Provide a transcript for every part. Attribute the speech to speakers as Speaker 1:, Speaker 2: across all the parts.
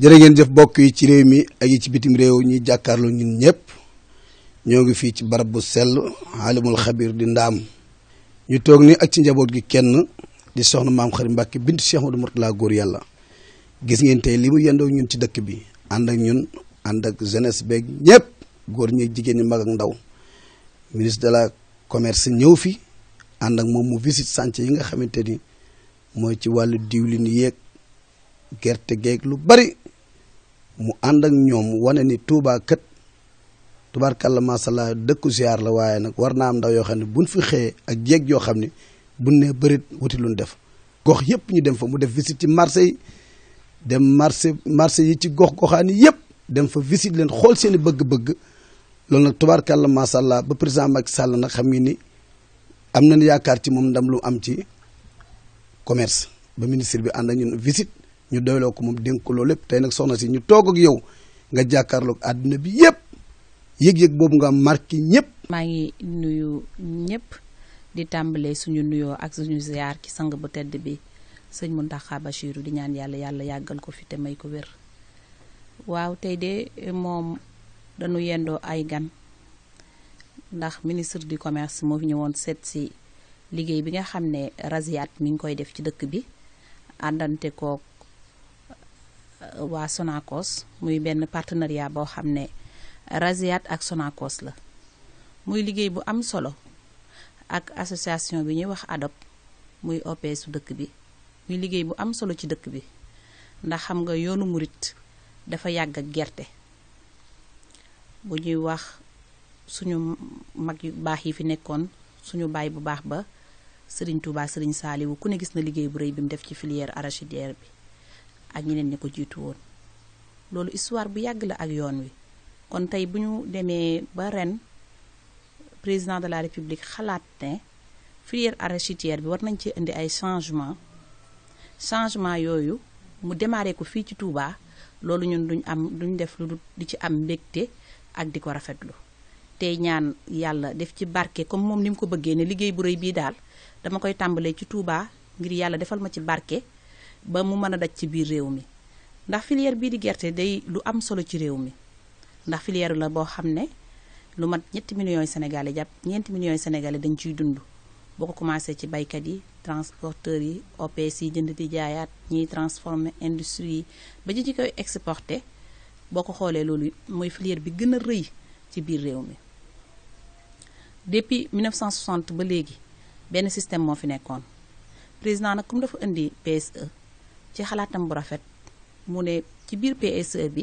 Speaker 1: jërë ngeen jëf bokk yi ci réew mi ak yi ci bitim réew ñi jàkkaarloo ñun ñëpp ñoo ngi fii ci barab bu sell alimul xabir di ndaam ñu toog ni ak ci njaboot gi kenn di soxna maam xarit Mbàkke bintu Cheikh Modou Mourtala góor yàlla gis ngeen tey li mu yendoo ñun ci dëkk bi ànd ak ñun ànd ak jeunesse beeg ñëpp góor ñi jigéen ñi mag ak ndaw ministre de la commerce ñëw fi ànd ak moom mu visite chantier yi nga xamante ni mooy ci wàllu diwlin yéeg gerte geeg lu bari mu ànd ak ñoom wane ni Touba kat la maasallaa dëkku ziar la waaye nag war naa am ndaw yoo xam ne bu buñ fi xëyee ak jéeg yoo xam ne buñ ne bërit wuti luñ def gox yëpp ñu dem fa mu def visite ci marché yi dem marché marché yi ci gox goxaani yëpp dem fa visite leen xool seen i bëgg-bëgg loolu nag tubaarkàlla maasallaa ba président Macky sàll nag xam ngi ni am nañ yaakaar ci moom ndam lu am ci commerce ba ministre bi ànd ak ñun visite ñu doyloo ko moom dénk ko loolu lépp tey nag soxna si ñu toog ak yow nga jàkkaarloog àdduna bi yëpp yëg-yëg boobu nga marqué ñëpp.
Speaker 2: maa ngi nuyu ñëpp di tàmbalee suñu nuyoo ak suñu ziar ci sang bu tedd bi sëñ Mountakha Bachirou di ñaan yàlla yàlla yàggal ko fi te may ko wér. waaw tey de moom dañu yendoo ay gan ndax ministre di commerce moo fi ñëwoon seet si liggéey bi nga xam ne Rasiaat mi ngi koy def ci dëkk bi àndante kook Euh, waa sonakos muy benn partenariat boo xam ne Rasiaat ak sonakos la muy liggéey bu am solo ak association bi ñuy wax ADOP muy OPS dëkk bi muy liggéey bu am solo ci dëkk bi ndax xam nga yoonu murit dafa yàgg ak gerte bu ñuy wax suñu mag yu baax yi fi nekkoon suñu baay bu baax ba Serigne Touba Serigne Saliou ku ne gis na liggéey bu rëy bi mu def ci filière arachidière bi ak ñeneen ñi ko jiitu woon loolu histoire bu yàgg la ak yoon wi kon tey bu ñu demee ba ren président de la république xalaat ne filière arachidière bi war nañ ci indi ay changement changement yooyu mu démarré ko fii ci tuubaa loolu ñun duñ am duñ def lu di ci am mbégte ak di ko rafetlu tey ñaan yàlla def ci barke comme moom ni mu ko bëggee ne liggéey bu rëy bii daal dama koy tàmbalee ci Touba ngir yàlla defal ma ci barke ba mu mën a daj ci biir réew mi ndax filière bii di gerte day lu am solo ci réew mi ndax filière la boo xam ne lu mat ñetti millions sénégalais jàpp ñeenti millions sénégalais dañ ciy dund boo ko commencé ci baykat yi transporteurs yi OPS yi jënd di jaayaat ñii transformer industrie yi ba ñu ci koy exporté boo ko xoolee loolu mooy filière bi gën a rëy ci biir réew mi depuis 1960 ba léegi benn système moo fi nekkoon président nag comme dafa indi PSE ci xalaatam bu rafet mu ne ci biir PSE bi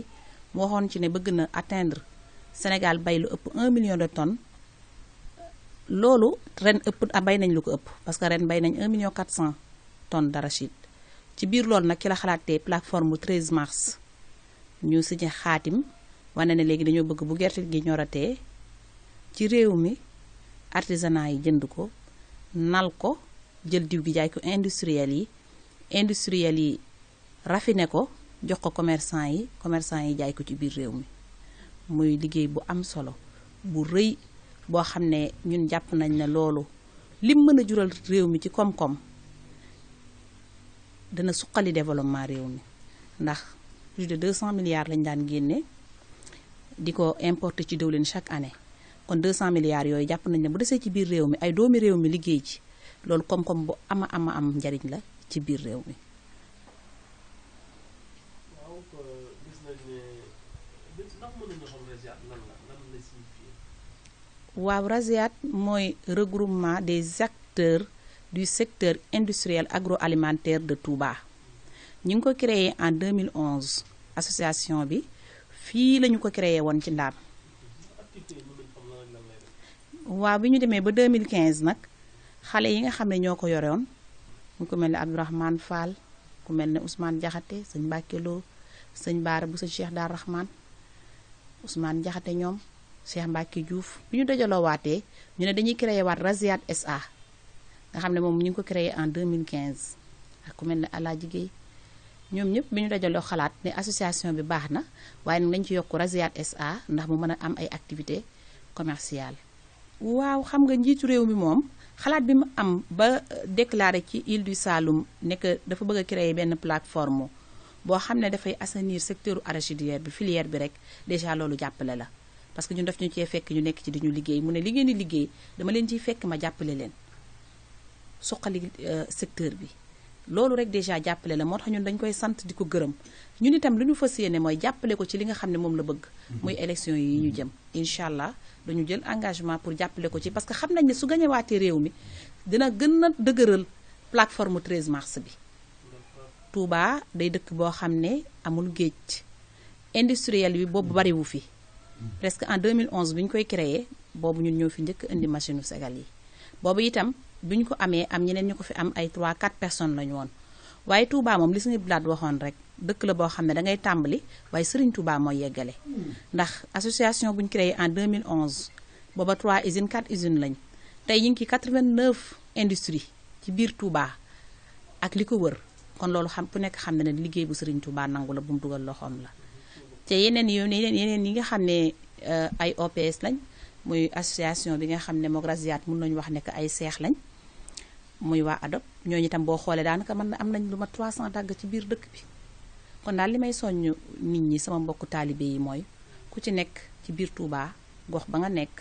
Speaker 2: mu waxoon ci ne bëgg na atteindre Sénégal bay lu ëpp un million de tonnes loolu ren ëpp ah, bay nañ lu ko ëpp parce que ren bay nañ 1 million 400 dara d'arachide ci biir lool nag ki la xalaatee plateforme bu 13 mars ñu signé xaatim wane ne léegi dañoo bëgg bu gerte gi ñoratee ci réew mi artisanat yi jënd ko nal ko jël diw gi jaay ko industriel yi industriel yi raffiné ko jox ko commerçant yi commerçant yi jaay ko ci biir réew mi muy liggéey bu am solo bu rëy boo xam ne ñun jàpp nañ ne loolu lim mën a jural réew mi ci koom-koom dana suqali développement réew mi ndax plus de 200 milliards lañ daan génne di ko importer ci diwlin chaque année kon deux 200 milliards yooyu jàpp nañ ne bu desee ci biir réew mi ay doomi réew mi liggéey ci loolu koom-koom bu ama ama am njariñ la ci biir réew mi. waaw gis raziat mooy regroupement des acteurs du secteur industriel alimentaire de Touba ñu ngi ko créer en 2011 association bi fii lañu ko créer woon ci ndaam. waaw bi ñu demee ba 2015 nag xale yi nga xam ne ñoo ko yoroon. mu ko mel ne Abdourahmane Fall ku mel ne Ousmane Diakhaté sëñ Mbacke loo sëñ Baara bu sëñ Cheikh Daar Rahman Ousmane Diakhaté ñoom Cheikh Mbacke Diouf bi ñu dajaloo waatee ñu ne dañuy créé waat Raziat SA nga xam ne moom ñu ko créé en 2015 ak ku mel ne Alaaji Guèye ñoom ñëpp bi ñu dajaloo xalaat ne association bi baax na waaye nag nañ ci yokk Raziat SA ndax mu mën a am ay activité commercial waaw xam nga njiitu réew mi moom xalaat bi mu am ba euh, déclaré ci île du Saloum nekk dafa bëgg a créer benn plateforme boo xam ne dafay assainir secteur arachidière bi filière bi rek déjà loolu jàppale la parce que ñun daf ñu cee fekk ñu nekk ci di liggéey mu ne li ngeen di liggéey dama leen ciy fekk ma jàppale leen suqali euh, secteur bi loolu rek déjà jàppale la moo tax ñun dañ koy sant di ko gërëm ñun itam lu ñu fas yéene mooy jàppale ko ci li nga xam ne moom la bëgg muy élection yi ñu jëm incha allah dañu jël engagement pour jàppale ko ci parce que xam nañ ne su gañewaatee réew mi dina gën a dëgëral plateforme 13 mars bi Touba day dëkk boo xam ne amul géej industriel bi boobu bariwu fi presque en 2011 bi ñu koy créé boobu ñun ñëw fi njëkk indi machine u segal yi boobu itam bi ñu ko amee am ñeneen ñu ko fi am ay 3 4 personnes lañu woon waaye Touba moom li suñu blaat waxoon rek dëkk la boo xam ne dangay tàmbali waaye Serigne Touba mooy yeggale. ndax association buñ ñu créé en 2011 booba 3 usines 4 usines lañ tey ñu ngi ci 89 industries ci biir Touba ak li ko wër kon loolu xam ku nekk xam na ne liggéey bu Serigne Touba nangu la bu mu dugal loxoom la te yeneen yeneen yeneen yi nga xam ne euh, ay OPS lañ. muy association bi nga xam ne moog Raziat mun nañu wax ne que ay seex lañ muy waa adop ñooñu itam boo xoolee daanaka mën am nañ lu ma 300 dàgg ci biir dëkk bi kon daal li may soññ nit ñi sama mbokku taalibe yi mooy ku ci nekk ci biir Touba gox ba nga nekk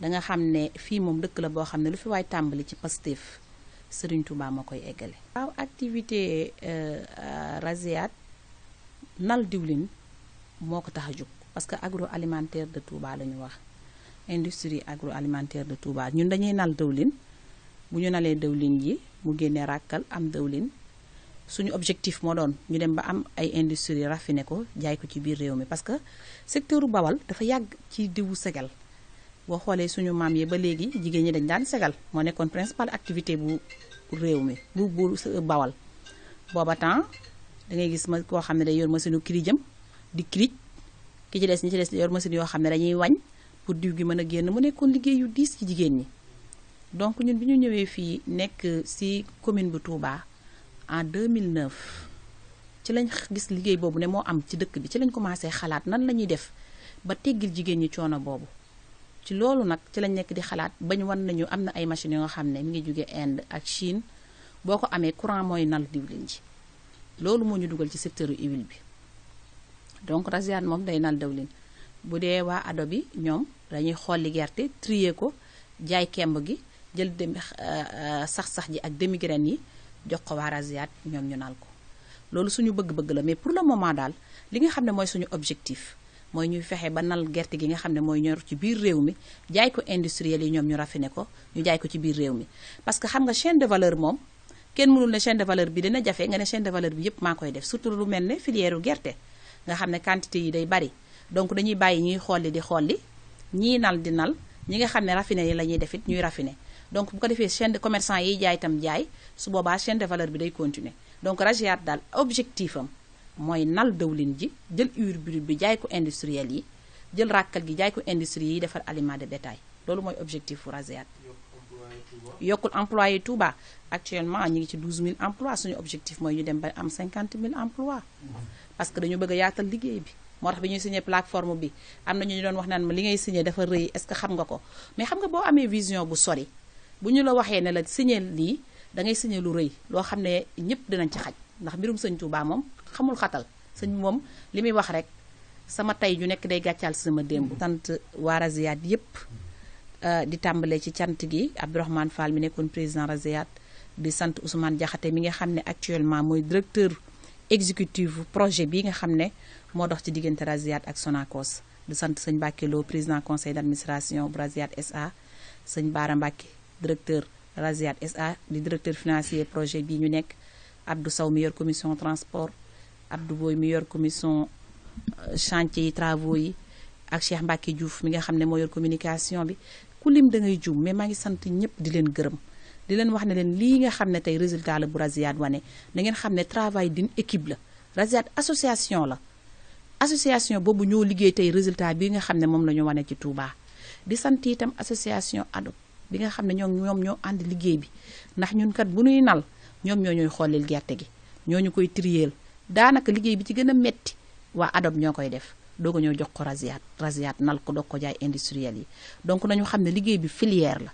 Speaker 2: danga xam ne fii moom dëkk la boo xam ne lu fi waay tàmbali ci Pastef Serigne Touba moo koy eggale. waaw activité euh, Raziat nal diwlin moo ko tax a jug parce que alimentaire de Touba la ñu wax. industrie agroalimentaire de Touba ñun dañuy nal dëwlin bu ñu nalee dëwlin yi mu génne ràkkal am dëwlin suñu objectif moo doon ñu dem ba am ay industrie raffiné ko jaay ko ci biir réew mi parce que secteur bawal dafa yàgg ci diwu segal boo xoolee suñu maam yi ba léegi jigéen ñi dañ daan segal moo nekkoon principale activité bu réew mi bu bu bawal booba temps dangay gis ma koo xam ne day yor machine u kirijam di kirij ki ci des ñi ci des yor machine yoo xam ne dañuy wañ pour diw gi mën a génn mu nekkoon liggéey yu diis ci jigéen ñi donc ñun bi ñu ñëwee fii nekk ci commune bu Touba en 2009 ci lañ gis liggéey boobu ne moo am ci dëkk bi ci lañ commencé xalaat nan la ñuy def ba teggil jigéen ñi coono boobu ci loolu nag ci lañ nekk di xalaat bañ wan nañu am na ay machine yoo nga xam ne mi ngi jóge Inde ak Chine boo ko amee courant mooy nal diwlin ji loolu moo ñu dugal ci secteur huile bi donc Raziane moom day nal diwlin bu dee waa ado bi ñoom dañuy xolli gerte trier ko jaay kemb gi jël demi eh, eh, sax-sax ji ak demi graine yi jox ko waa Rasiaat ñoom ñu nal ko loolu suñu bëgg-bëgg la mais pour le moment daal li nga xam ne mooy suñu objectif mooy ñuy fexe ba nal gerte gi nga xam ne mooy ñor ci biir réew mi jaay ko industriel yi ñoom ñu raffiné ko ñu jaay ko ci biir réew mi parce que xam nga chaîne de valeur moom kenn mënul ne chaîne de valeur bi dina jafe nga ne chaîne de valeur bi yépp maa koy def surtout lu mel ne filière gerte nga xam ne quantité yi day bari donc dañuy bàyyi ñuy xolli di xolli ñii nal di nal ñi nga xam ne raffiné yi la ñuy def it ñuy rafine donc bu ko defee chaîne de commerçant yiy jaay itam jaay su boobaa chaîne de valeur bi day continuer donc Rasiaat daal objectif am mooy nal dawlin ji jël huile brute bi jaay ko industriel yi jël ràkkal gi jaay ko industrie yi defal aliment de bétail loolu mooy objectif fu Rasiaat yokkul employé Touba actuellement ñu ngi ci 12000 emplois suñu objectif mooy ñu dem ba am 50000 emplois parce que dañu bëgg a liggéey bi moo tax bi ñuy signé plateforme bi am na ñu doon wax naan ma li ngay signé dafa rëy est-ce que xam nga ko mais xam nga boo amee vision bu sori bu ñu la waxee ne la signé lii dangay ngay lu rëy loo xam ne ñëpp dinañ ci xaj ndax mbirum sëñ Touba moom xamul xatal sëñ moom li muy wax rek sama tey ju nekk day gàccaal sama démb. sant waa Raziat yëpp euh, di tàmbale ci cant gi Abdourahmane Fall mi nekkoon président Raziat di sant Ousmane Diakhaté mi nga xam ne actuellement mooy directeur exécutif projet bi nga xam ne. moo dox ci diggante Rasiat ak Sonacos di sant sëñ Mbacke Lo président conseil d'administration bu Rasiat SA sañ Baara Mbacke directeur Rasiat SA di directeur financier projet bii ñu nekk Abdou du mi yor commission transport du Boy mi yor commission euh, chantier yi travaux yi ak Cheikh Mbacke Diouf mi nga xam ne moo yor communication bi ku lim da ngay juum mais maa ngi sant ñëpp di leen gërëm di leen wax ne leen lii nga xam ne tey résultat la bu Rasiat wane da ngeen xam ne travail d'une équipe la Rasiat association la association boobu ñoo liggéey tey résultat bi nga xam ne moom la ñu wane ci Touba di sant itam association ADOP bi nga xam ne ñoo ñoom ñoo ànd liggéey bi ndax ñun kat bu ñuy nal ñoom ñoo ñooy xoolil gerte gi ñoo ñu koy triyeel daanaka liggéey bi ci gën a metti waa ADOP ñoo koy def doo ko ñoo jox ko rasiat rasiat nal ko doog ko jaay industriel yi donc nañu xam ne liggéey bi filière la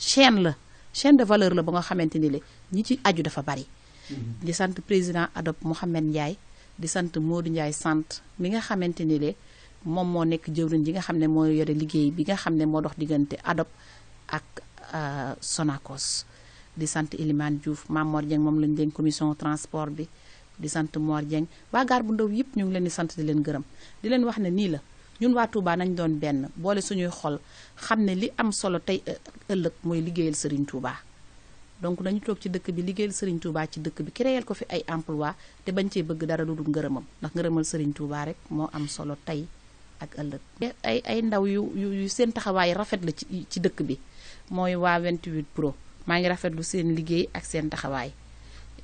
Speaker 2: chaîne la chaîne de valeur la ba nga xamante ni le ñi ci aju dafa bari. Mm-hmm. di sant président ADOP Mouhamed Ndiaye. di sant Modou Ndiaye sant mi nga xamante ni de moom moo nekk jëwriñ ji nga xam ne moo yore liggéey bi nga xam ne moo dox diggante ADOP ak euh, Sonacos di sant Elimane Diouf Mamor Dieng moom lañ dénk commission transport bi di sant Mor Dieng waa gaar bu ndaw yëpp ñu ngi leen di sant di leen gërëm di leen wax ne nii la ñun waa Touba nañ doon benn boole suñuy xol xam ne li am solo tey euh, ëllëg mooy liggéeyal Serigne Touba. donc nañu toog ci dëkk bi liggéeyal Serigne Touba ci dëkk bi créer ko fi ay emploi te bañ cee bëgg dara lu dug ngërëmam ndax ngërëmal Serigne Touba rek moo am solo tey ak ëllëg. ay ay ndaw yu yu seen taxawaay rafet la ci ci dëkk bi mooy waa 28 pro maa ngi rafet lu seen liggéey ak seen taxawaay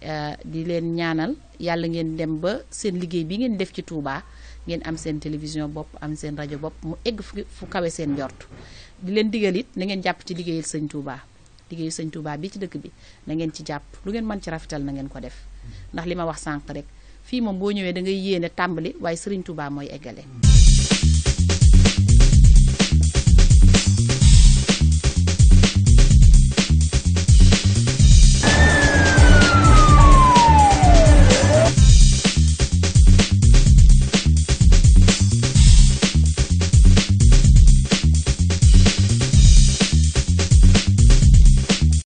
Speaker 2: euh, di leen ñaanal yàlla ngeen dem ba seen liggéey bi ngeen def ci Touba ngeen am seen télévision bopp am seen rajo bopp mu egg fu kawe seen njort di leen digal it na ngeen jàpp ci liggéeyal Serigne liggéeyu sëñ Touba bi ci dëkk bi nangeen ci jàpp lu ngeen mën ci rafetal na ngeen ko def mm-hmm. ndax li ma wax sànq rek fii moom boo ñëwee da ngay yéene tàmbali waaye sëriñ Touba mooy eggale mm-hmm.